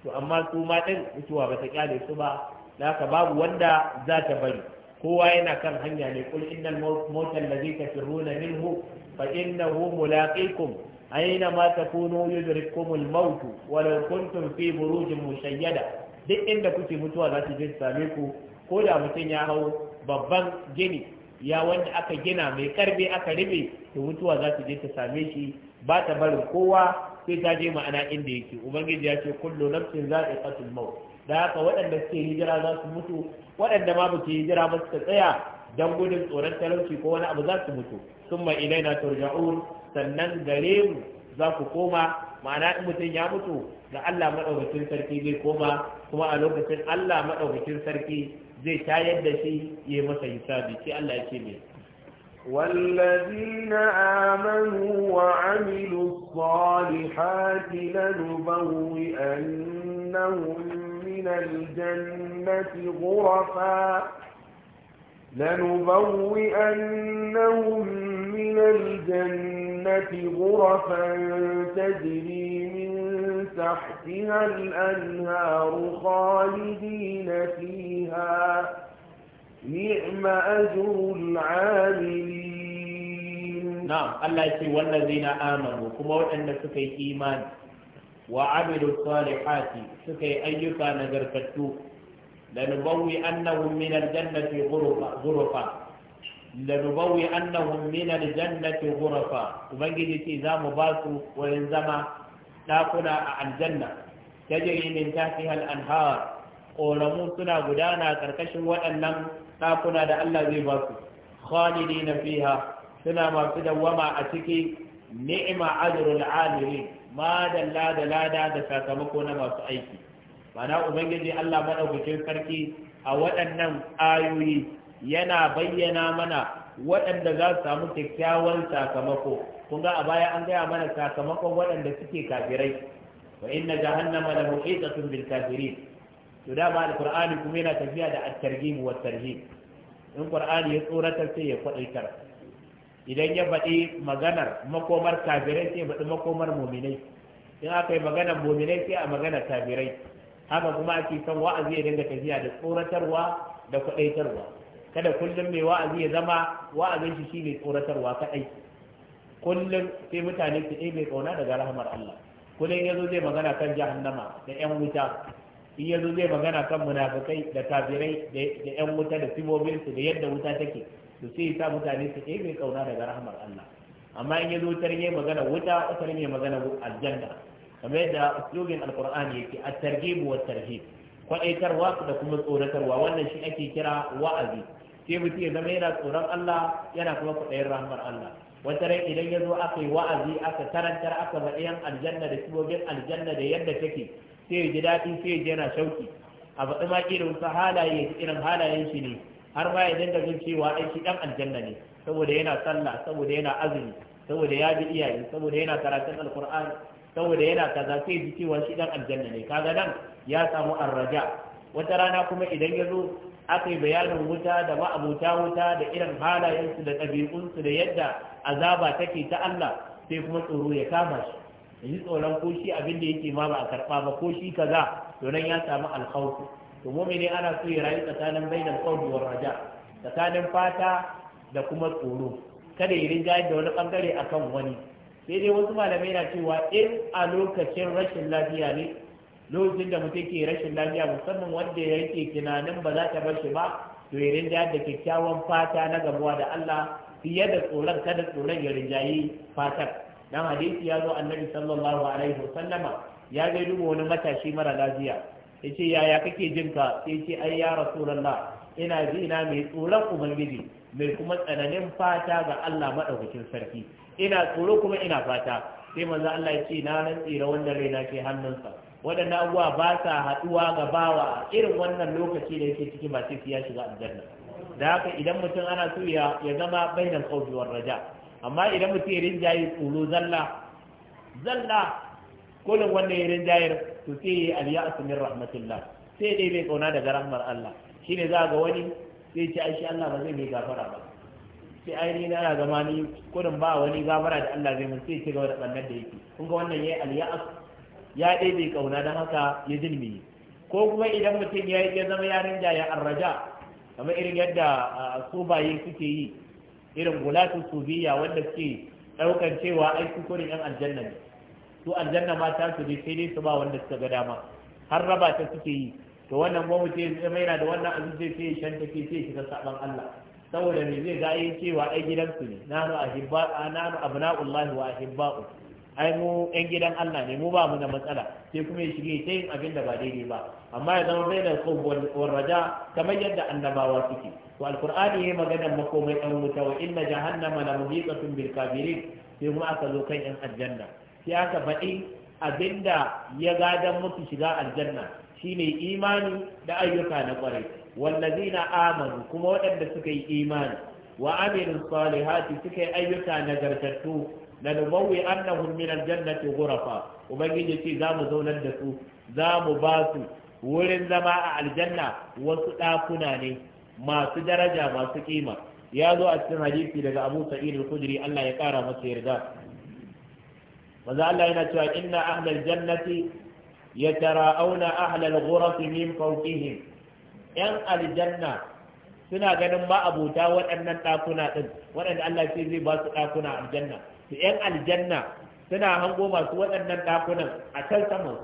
to amma su ma din mutuwa ba ta kyale su ba da haka babu wanda za ta bari kowa yana kan hanya ne kul innal mawta allazi tafiruna minhu fa innahu mulaqikum aina ma takunu yudrikumul maut walau kuntum fi burujin mushayyada duk inda kuke mutuwa za ta je same ku ko da mutum ya hau babban gini ya wanda aka gina mai karbe aka ribe to mutuwa za ta je ta same shi ba ta barin kowa sai ta je ma'ana inda yake ubangiji ya ce kullu nafsin za'iqatul maut da haka waɗanda suke hijira za su mutu waɗanda ma ba su hijira ba suka tsaya don gudun tsoron talauci ko wani abu za su mutu sun ma na turja'un sannan gare mu za ku koma ma'ana in mutum ya mutu da Allah maɗaukacin sarki zai koma kuma a lokacin Allah maɗaukacin sarki zai tayar da shi ya masa hisabi sai Allah ya ce mai والذين آمنوا وعملوا الصالحات لنبوئنهم من الجنة غرفا لنبوئنهم من الجنة غرفا تجري من تحتها الأنهار خالدين فيها نعم أجر العاملين نعم الله يقول والذين آمنوا كما وأن سكي إيمان وعملوا الصالحات سكي أيك نذركتو لنبوي أنهم من الجنة غرفا غرفا لنبوي أنهم من الجنة غرفا وبنجد إذا مباسوا وينزما داخلا عن الجنة تجري من تحتها الأنهار ƙoramu suna gudana ƙarƙashin waɗannan ɗakuna da Allah zai ba su khalidina fiha suna masu dawwama a ciki ni'ima ajrul amiri ma dalla da lada da sakamako na masu aiki mana ubangiji Allah madaukakin sarki a waɗannan ayoyi yana bayyana mana waɗanda za su samu kyakkyawan sakamako kun ga a baya an gaya mana sakamakon waɗanda suke kafirai wa inna jahannama la muhitatun bil kafirin to da dama alqur'ani kuma yana tafiya da at-targhib wa tarhib in qur'ani ya tsoratar sai ya faɗaitar idan ya faɗi maganar makomar kafirai sai ya faɗi makomar muminai in aka yi maganar muminai sai a magana kafirai haka kuma ake son wa'azi ya dinga tafiya da tsoratarwa da kwaɗaitarwa kada kullum mai wa'azi ya zama wa'azin shi shine tsoratarwa kaɗai kullum sai mutane su ɗaya mai tsona daga rahamar Allah kullum ya zo zai magana kan jahannama da 'yan wuta in yazo zai magana kan munafikai da kafirai da yan wuta da sibobin su da yadda wuta take su sai sa mutane su mai kauna daga rahmar Allah amma in yazo wutar yayi magana wuta wutar yayi magana aljanna kamar yadda uslubin alqur'ani yake at-targhib wa tarhib kwaɗaitarwa da kuma tsoratarwa wannan shi ake kira wa'azi sai mutum ya zama yana tsoron Allah yana kuma kwaɗayin rahmar Allah wata rai idan ya zo aka yi wa'azi aka tarantar aka faɗi yan aljanna da kibobin aljanna da yadda take sai ya ji daɗi sai ya ji yana shauki a faɗi ma irin wasu halaye irin halayen shi ne har ma ya dinga jin cewa ai ɗan aljanna ne saboda yana sallah saboda yana azumi saboda ya bi iyaye saboda yana karatun alqur'ani saboda yana kaza sai ji cewa shi ɗan aljanna ne kaga nan ya samu arraja wata rana kuma idan ya zo aka yi bayanin wuta da ma'abuta wuta da irin halayensu da ɗabi'unsu da yadda azaba take ta Allah sai kuma tsoro ya kama shi in ji tsoron ko shi abin da yake ma ba a karɓa ba ko shi kaza to nan ya samu alkhawf to mu'mini ana so ya rayu tsakanin bainal khawf war raja tsakanin fata da kuma tsoro kada ya rinja da wani bangare akan wani sai dai wasu malamai na cewa in a lokacin rashin lafiya ne lokacin da mutum ke rashin lafiya musamman wanda ya yake tunanin ba za ta bar shi ba to ya rinja da kyakkyawan fata na gamuwa da Allah fiye da tsoron kada tsoron ya rinjayi fatar dan hadisi ya zo annabi sallallahu alaihi wasallama ya ga duba wani matashi mara lafiya yace yaya kake jin ka sai ai ya rasulullah ina ji ina mai tsoron ubangiji mai kuma tsananin fata ga Allah madaukakin sarki ina tsoro kuma ina fata sai manzo Allah ya ce na rantsi da wanda raina ke hannunsa waɗannan abubuwa ba sa haɗuwa ga bawa irin wannan lokaci da yake ciki masu ya shiga aljanna da haka idan mutum ana so ya zama bainan kaujuwar raja amma idan mutum ya yi tsoro zalla zalla kolin wanda ya rinjayar to sai ya aliya asumin rahmatullah sai dai bai kauna daga rahmar Allah shine za ga wani sai ce ai shi Allah ba zai mai gafara ba sai ai ni na zama ni kodin ba wani gafara da Allah zai mun sai ci gaba da bannan da yake kun ga wannan yayi as ya dai bai kauna dan haka ya zulmi ko kuma idan mutum ya yi zama ya rinja ya arraja kamar irin yadda su baye suke yi irin gulatu biya wanda suke ɗaukan cewa ai su kurin yan aljanna ne su aljanna ma ta su sai dai su ba wanda suka ga dama har raba ta suke yi to wannan ba mutum ya maida da wannan abin zai sai shan take sai shiga saban Allah saboda me zai ga yin cewa ai gidansu ne nanu ahibba nanu abna'ullahi wa ahibba'u ai mu yan gidan Allah ne mu ba mu da matsala sai kuma ya shige ta yin abin da ba daidai ba amma ya zama bai da kowar raja kamar yadda annabawa suke to ya yi magana makomai ɗan wuta wa inna jahannama la muhiqatun bil kafirin sai kuma aka zo kan yan aljanna sai aka faɗi abinda ya gadan musu shiga aljanna shine imani da ayyuka na kwarai wallazina amanu kuma waɗanda suka yi imani wa amilu salihati suka yi ayyuka nagartattu la nubawwi annahum min aljannati ghurafa ubangiji ce za mu zaunar da su za mu ba su wurin zama a aljanna wasu ɗakuna ne masu daraja masu kima ya zo a cikin hadisi daga Abu Sa'id al-Khudri Allah ya kara masa yarda manzo Allah yana cewa inna ahlal jannati yatara'auna ahlal ghurafi min fawqihim yan aljanna suna ganin ma abota waɗannan ɗakuna ɗin waɗanda Allah ce zai ba su ɗakuna aljanna su yan aljanna suna hango masu waɗannan ɗakunan a can saman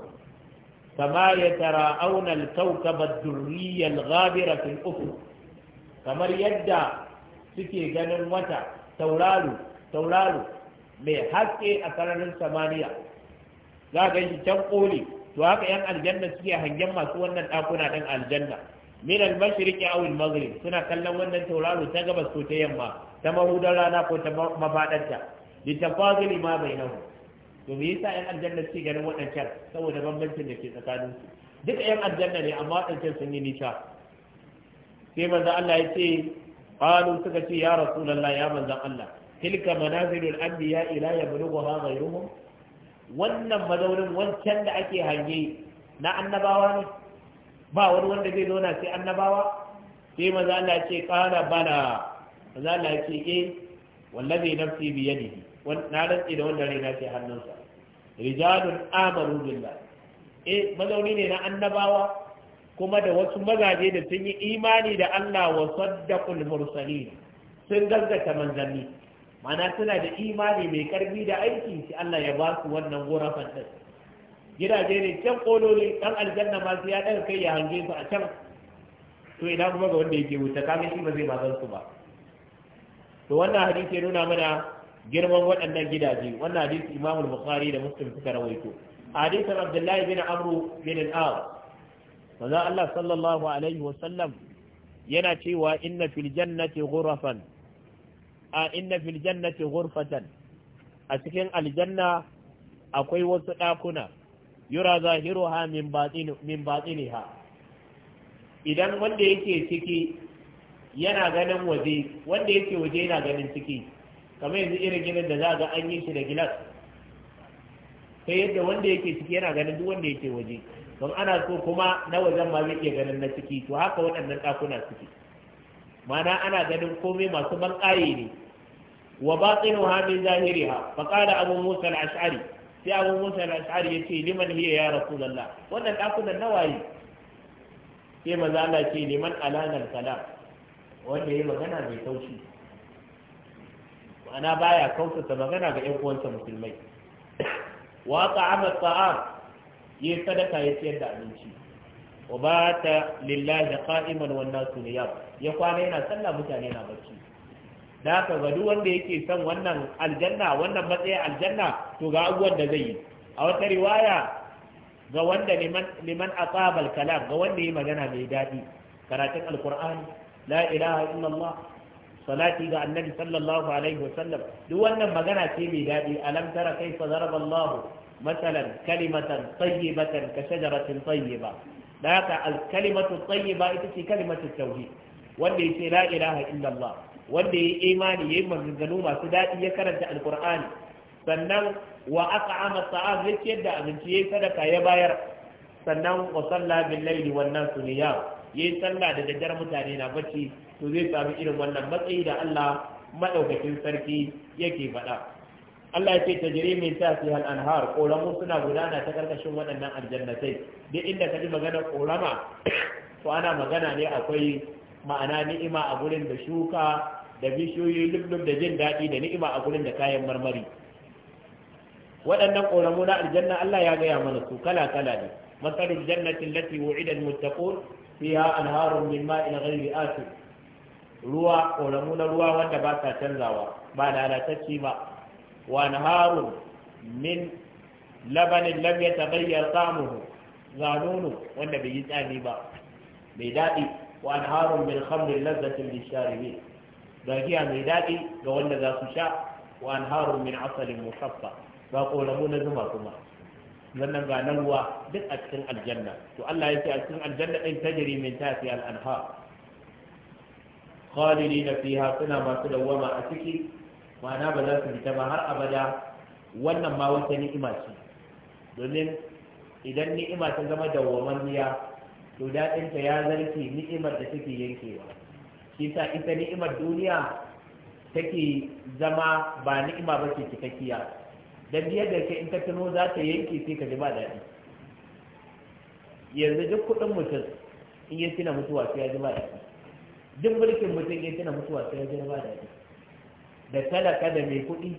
kama ya tara auna alkaukaba durriyal ghabira fil uku. kamar yadda suke ganin wata tauraro tauraro mai haske a sararin samaniya za a shi can koli to haka yan aljanna suke hangen masu wannan ɗakuna ɗan aljanna min al aw almaghrib suna kallon wannan tauraro ta gabas ko ta yamma ta mahudan rana ko ta mafaɗanta. litafazuli ma bainahu to me yasa yan aljanna suke ganin waɗancan saboda bambancin da ke tsakanin su duka yan aljanna ne amma waɗancan sun yi nisa sai manzo Allah ya ce qalu suka ce ya rasulullah ya manzo Allah tilka manazilul anbiya ila yablughuha ghayruhum wannan mazaunin wancan da ake hange na annabawa ne ba wani wanda zai zauna sai annabawa sai maza Allah ce kana bana maza Allah ce eh wallazi nafsi bi yadihi na rantsi da wanda raina ke hannunsa rijalun amaru billah eh mazauni ne na annabawa kuma da wasu mazaje da sun yi imani da Allah wa saddaqul mursalin sun gaggata manzanni mana suna da imani mai karfi da aiki shi Allah ya ba su wannan gora din gidaje ne can kololi dan aljanna ma ya daga kai ya hange su a can to ina kuma ga wanda yake wuta kamar shi ba zai ba su ba to wannan hadisi ya nuna mana girman waɗannan gidaje wannan hadisi imamul bukhari da muslim suka rawaito hadisin abdullahi bin amru bin al-aw manzo Allah sallallahu alaihi wa sallam yana cewa inna fil jannati ghurafan a inna fil jannati ghurfatan a cikin aljanna akwai wasu ɗakuna yura zahiruha min min batiniha idan wanda yake ciki yana ganin waje wanda yake waje yana ganin ciki kamar yanzu irin ginin da za ga an yi shi da gilas sai yadda wanda yake ciki yana ganin duk wanda yake waje don ana so kuma na wajen ma zai iya ganin na ciki to haka waɗannan ɗakuna ciki mana ana ganin komai masu banƙaye ne wa batsinu hamin zahiri ha. fa ƙara abu musa al-ash'ari sai abu musa al-ash'ari ce liman hiya ya lalla. wannan ɗakunan nawaye sai maza Allah ce liman alanal kalam wanda yayi magana mai taushi ma'ana baya kautata magana ga 'yan uwansa musulmai wa ta'ama ta'am yi sadaka ya ciyar da abinci wa ba ta lillahi qa'iman wan nasu niyam ya kwana yana sallah mutane na barci da ka ga duk wanda yake son wannan aljanna wannan matsayin aljanna to ga abubuwan da zai yi a wata riwaya ga wanda liman asabal kalam ga wanda yi magana mai dadi karatun alkur'ani la ilaha illallah salati ga annabi sallallahu alaihi wasallam duk wannan magana ce mai daɗi alam tara kaifa zaraba Allah masalan kalimatan tayyibatan ka shajaratin tayyiba da haka al-kalimatu tayyiba ita ce kalimatu tauhid wanda yace la ilaha illallah wanda yayi imani yayi maganganu masu daɗi ya karanta alqur'ani sannan wa aqama sa'ad yake yadda abinci yayi sadaka ya bayar sannan wa salla bil layli wan nasu niyam yayi sallah da daddare mutane na bacci to zai sami irin wannan matsayi da Allah maɗaukakin sarki yake faɗa Allah ya ce ta min tahtiha al-anhar koramu suna gudana ta karkashin waɗannan aljannatai duk inda ka ji maganar korama to ana magana ne akwai ma'ana ni'ima a gurin da shuka da bishiyoyi lublub da jin daɗi da ni'ima a gurin da kayan marmari waɗannan ƙoramu na aljanna Allah ya gaya mana su kala kala ne masalul jannati allati wu'ida al-muttaqun fiha anharun min ma'in ghayri asin ruwa ƙoramu na ruwa wanda ba sa canzawa ba da lalatacci ba wa naharun min labanin lam yatabayyar samuhu ga nono wanda bai yi tsami ba mai daɗi wa anharun min khamrin lazzatin lisharibin ga giya mai daɗi ga wanda za su sha wa anharun min asalin musaffa ga ƙoramu na zuma kuma wannan ga nan ruwa duk a cikin aljanna to Allah ya ce a cikin aljanna ɗin tajiri min tafiya al-anhar na fiha suna masu dawwama a ciki ma'ana ba za su fita ba har abada wannan ma wata ni'ima ce domin idan ni'ima ta zama dawwamanniya to daɗinta ya zarce ni'imar da take yankewa shi sa ita ni'imar duniya take zama ba ni'ima ba ce cikakkiya dan biyar da ke in ka tuno za ta yanke sai ka ji ba daɗi yanzu duk kuɗin mutum in ya tuna mutuwa sai ya ji ba daɗi duk mulkin mutum ya tana mutuwa sai ya ba daɗi da talaka da mai kuɗi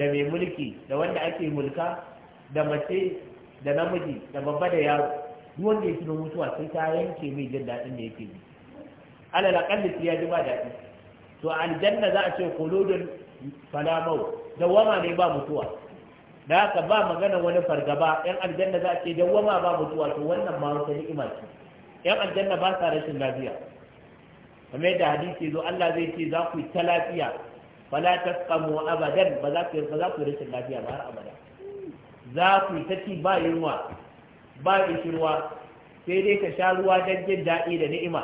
da mai mulki da wanda ake mulka da mace da namiji da babba da yaro duk wanda ya tuna mutuwa sai ta yanke mai jin daɗin da yake ji alal aqalli sai ya ji ba daɗi to aljanna za a ce khuludun falamau dawama ne ba mutuwa da haka ba magana wani fargaba yan aljanna za a ce dawama ba mutuwa to wannan ma wata ni'ima ce yan aljanna ba sa rashin lafiya kamar da hadisi zo Allah zai ce za ku yi ta lafiya ta tasqamu abadan ba za ku ba za ku rashin lafiya ba har abada za ku yi ta ci ba yunwa ba ishirwa sai dai ka sha ruwa don jin daɗi da ni'ima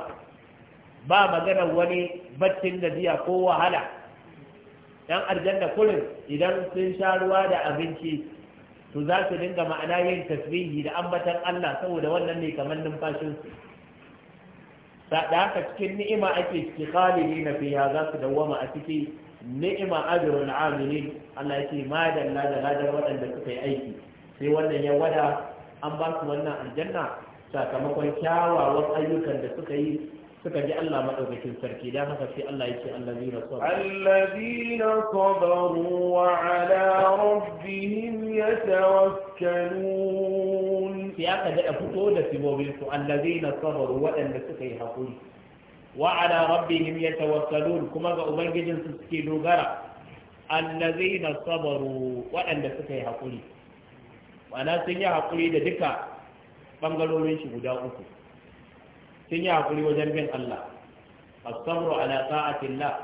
ba maganar wani baccin jiya ko wahala dan aljanna kullum idan sun sha ruwa da abinci to za su dinga ma'ana yin tasbihi da ambatan Allah saboda wannan ne kamar numfashinsu da haka cikin ni'ima ake ciki khalidi na fiya za su dawwama a ciki ni'ima ajrul amilin Allah yake ma da ladar waɗanda suka yi aiki sai wannan ya wada an ba su wannan aljanna sakamakon kyawawan ayyukan da suka yi suka ji Allah madaukakin sarki dan haka sai Allah yake allazina sabaru allazina sabaru wa ala rabbihim yatawakkalun sai aka daɗa fito da sibobin su na sabaru waɗanda suka yi haƙuri wa ala rabbihim yatawakkalun kuma ga ubangijin su suke dogara na sabaru waɗanda suka yi haƙuri. ma'ana sun yi haƙuri da duka bangarorin shi guda uku sun yi haƙuri wajen bin Allah as-sabru ala ta'atillah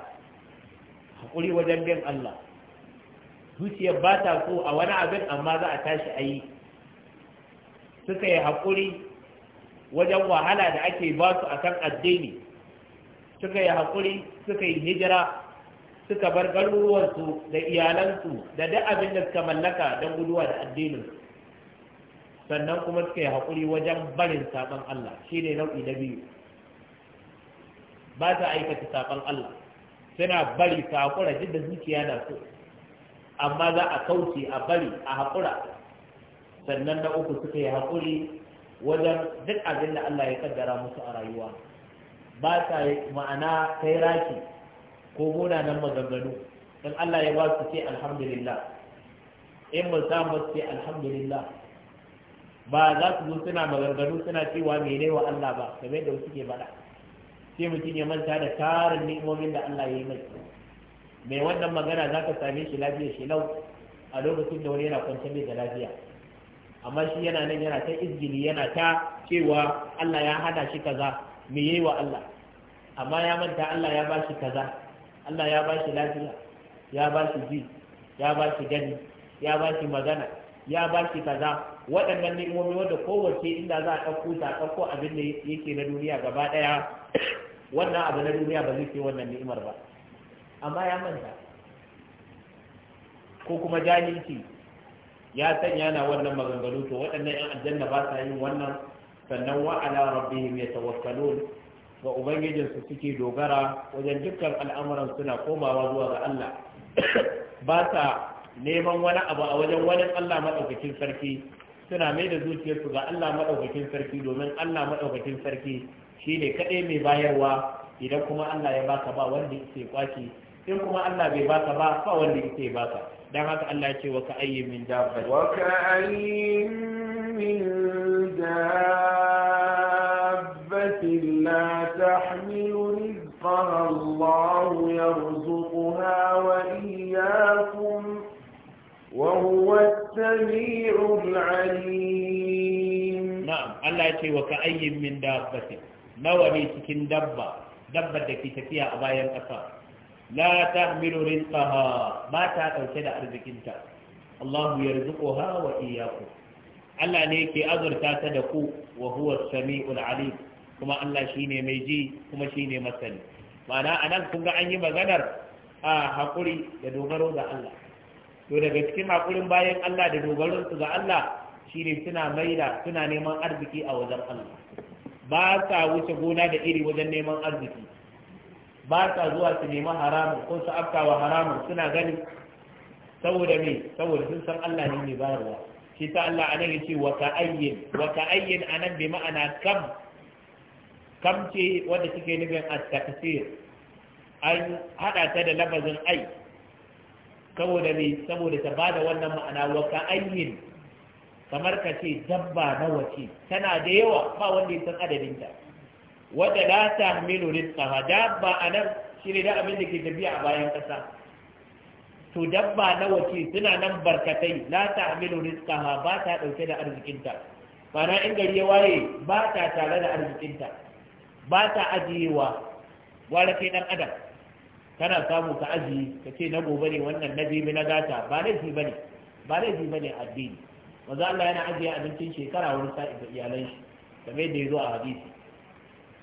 haƙuri wajen bin Allah zuciyar ba ta so a wani abin amma za a tashi a yi suka yi haƙuri wajen wahala da ake ba su kan addini suka yi haƙuri suka yi hijira suka bar garuruwansu da iyalansu da duk abin da suka mallaka don guduwa da addinin, sannan kuma suka yi haƙuri wajen barin saɓon Allah shi ne nau'i na biyu ba su aikata saɓon Allah suna bari su haƙura duk da zuciya na so amma za a kauce a bari a haƙura sannan na uku suka yi haƙuri wajen duk abin da Allah ya kaddara musu a rayuwa ba ta ma'ana kai raki ko munanan maganganu in Allah ya ba su ce alhamdulillah in ba samu su ce alhamdulillah ba za su zo suna maganganu suna cewa mene wa Allah ba game da suke faɗa sai mutum ya manta da tarin ni'imomin da Allah ya yi mai mai wannan magana za ka same shi lafiya shi lau a lokacin da wani yana kwanciyar da lafiya amma shi yana nan yana ta izgili yana ta cewa Allah ya hana shi kaza me yayi wa Allah amma ya manta Allah ya bashi kaza Allah ya bashi lafiya ya bashi ji ya bashi gani ya bashi magana ya bashi kaza waɗannan ni'imomi wanda kowace inda za a ɗauko ta ɗauko abin da yake na duniya gaba ɗaya wannan abu na duniya ba zai ce wannan ni'imar ba amma ya manta ko kuma jahilci ya sanya na wannan maganganu to waɗannan yan aljanna ba sa yin wannan sannan wa ala rabbihim yatawakkalun ga ubangijinsu suke dogara wajen dukkan al'amuran suna komawa zuwa ga Allah ba sa neman wani abu a wajen wani Allah maɗaukakin sarki suna mai da zuciyarsu ga Allah maɗaukakin sarki domin Allah maɗaukakin sarki shi ne kaɗai mai bayarwa idan kuma Allah ya baka ba wanda ya kwaki sai kuma Allah bai baka ba fa wanda yake baka dan haka Allah ya ce wa ka'ayyin min dabba wa ka'ayyin min dabbatin la tahmilu rizqaha Allah yarzuquha wa iyyakum wa huwa as-sami'ul 'alim وهو السميع العليم نعم الله min وكأي nawa ne cikin dabba سكن da ke tafiya a bayan ƙasa la tahmilu rizqaha ba ta dauke da arzikinta Allah yarzuquha wa Allah ne yake azurta ta da ku wa huwa samiul alim kuma Allah shine mai ji kuma shine masani ma'ana anan kun ga an yi maganar a hakuri da dogaro ga Allah to daga cikin hakurin bayan Allah da dogaron su ga Allah shine suna maida suna neman arziki a wajen Allah ba sa wuce gona da iri wajen neman arziki ba sa zuwa su nemi haramun ko su afkawa haramun suna gani saboda me saboda sun san Allah ne mai bayarwa shi ta Allah a nan yace wa ka'ayyin wa ka'ayyin anan bi ma'ana kam kam ce wanda take nufin at-takfir an hada ta da lafazin ai saboda me saboda ta bada wannan ma'ana wa ka'ayyin kamar ka ce dabba na ce tana da yawa ba wanda ya san adadinta wadda la tahmilu rizqaha dabba shi shine da abin da ke tafiya a bayan kasa to dabba na ce suna nan barkatai la tahmilu rizqaha ba ta dauke da arzikinta mana in gari ya waye ba ta tare da arzikinta ba ta ajiyewa wala kai dan adam kana samu ka ajiye ka ce na gobe ne wannan na jibi na gata ba laifi bane ba laifi bane addini manzo Allah yana ajiye abincin shekara wani sa'i ga iyalan shi kamar yadda ya zo a hadisi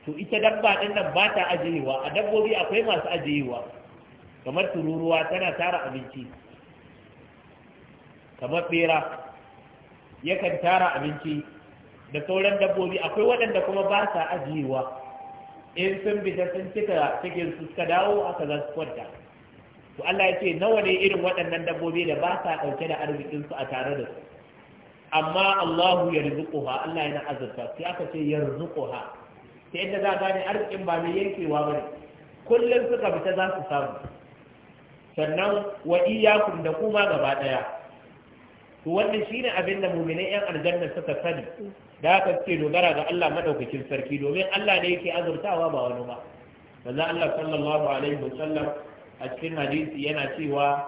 to ita dabba ɗin nan ba ta ajiyewa a dabbobi akwai masu ajiyewa kamar tururuwa tana tara abinci kamar bera yakan tara abinci da sauran dabbobi akwai waɗanda kuma ba sa ajiyewa in sun bita sun cika cikin su suka dawo aka za su kwanta to Allah ya nawa ne irin waɗannan dabbobi da ba sa ɗauke da arzikin su a tare da su amma Allahu yarzuquha Allah yana azurta sai aka ce yarzuquha ta yadda za a gane arzikin ba mai yankewa ba ne kullum suka fita za su samu sannan wa iyakum da kuma gaba ɗaya to wannan shine abin da mu'minai yan aljanna suka sani da haka suke dogara ga Allah madaukakin sarki domin Allah ne yake azurtawa ba wani ba manzo Allah sallallahu alaihi wasallam a cikin hadisi yana cewa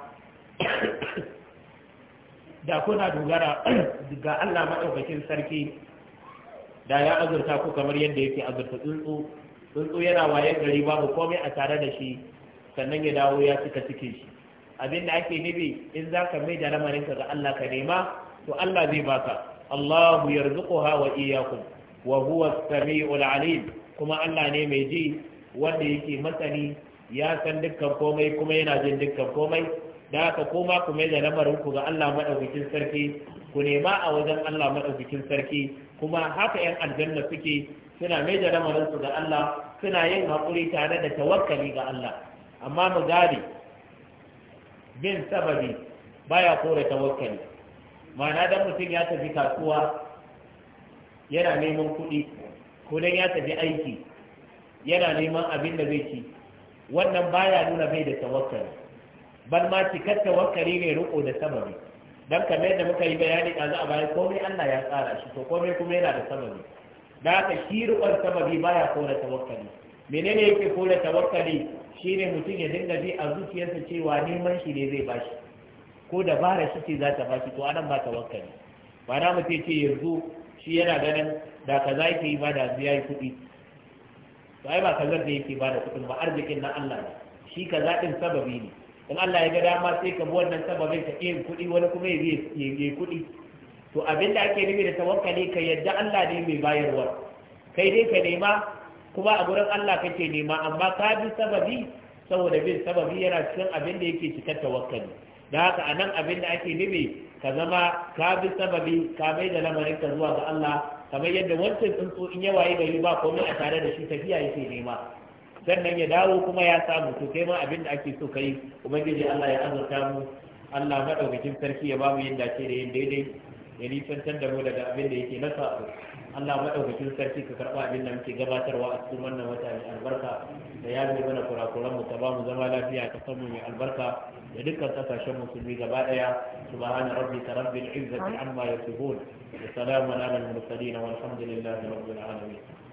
da kuna dogara ga Allah madaukakin sarki da ya azurta ku kamar yadda yake azurta tsuntsu tsuntsu yana waye gari babu komai a tare da shi sannan ya dawo ya cika cikin shi abin da ake nufi in za ka mai da lamarin ka ga Allah ka nema to Allah zai baka Allahu yarzuquha wa iyyakum wa huwa as-sami'ul alim kuma Allah ne mai ji wanda yake matsani ya san dukkan komai kuma yana jin dukkan komai da haka koma ku mai da lamarin ku ga Allah madaukakin sarki ku nema a wajen Allah madaukakin sarki kuma haka yan aljanna suke suna mai da lamarinsu ga Allah suna yin haƙuri tare da tawakkali ga Allah amma mu gari bin sababi baya kore tawakkali ma'ana dan mutum ya tafi kasuwa yana neman kuɗi ko dan ya tafi aiki yana neman abin da zai ci wannan baya nuna bai da tawakkali ban ma cikar tawakkali ne riko da sababi dan kamar da muka yi bayani za a baya komai Allah ya tsara shi to komai kuma yana da sababi da aka shi riƙon sababi baya kore tawakkali menene yake kore tawakkali shine mutum ya dinga bi a zuciyarsa cewa neman shi ne zai bashi ko dabara shi ce za ta bashi to anan ba tawakkali ba na mutum ce yanzu shi yana ganin da kaza ki yi ba da ya yi kuɗi to ai ba kazar da yake ba da kuɗin ba arzikin na Allah ne shi kaza din sababi ne in Allah ya ga dama sai ka bi wannan sababin ka yin kuɗi wani kuma ya yi kuɗi to abin da ake nufi da tawakkali ka yadda Allah ne mai bayarwa kai dai ka nema kuma a gurin Allah kake nema amma ka bi sababi saboda bin sababi yana cikin abin da yake cikar tawakkali da haka a nan abin da ake nufi ka zama ka bi sababi ka mai da ka zuwa ga Allah kamar yadda wancan tsuntsu in yawa yi gari ba komai a tare da shi tafiya yake nema sannan ya dawo kuma ya samu to kai ma abin da ake so kai ubangiji Allah ya azurta mu Allah madaukakin sarki ya ba mu yin dace da yin daidai ya nisantar da mu daga abin da yake na sa'o Allah madaukakin sarki ka karba abin da muke gabatarwa a cikin wannan wata mai albarka da ya zai mana kurakuran mu ta ba mu zama lafiya ka san mu mai albarka da dukkan kasashen musulmi gaba daya subhana rabbika rabbil izzati amma yasifun wa salamun ala al mursalin walhamdulillahi rabbil alamin